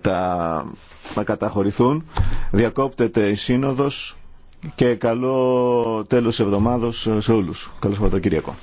τα, να καταχωρηθούν. Διακόπτεται η σύνοδος και καλό τέλος εβδομάδος σε όλους. Καλό Σαββατοκύριακο.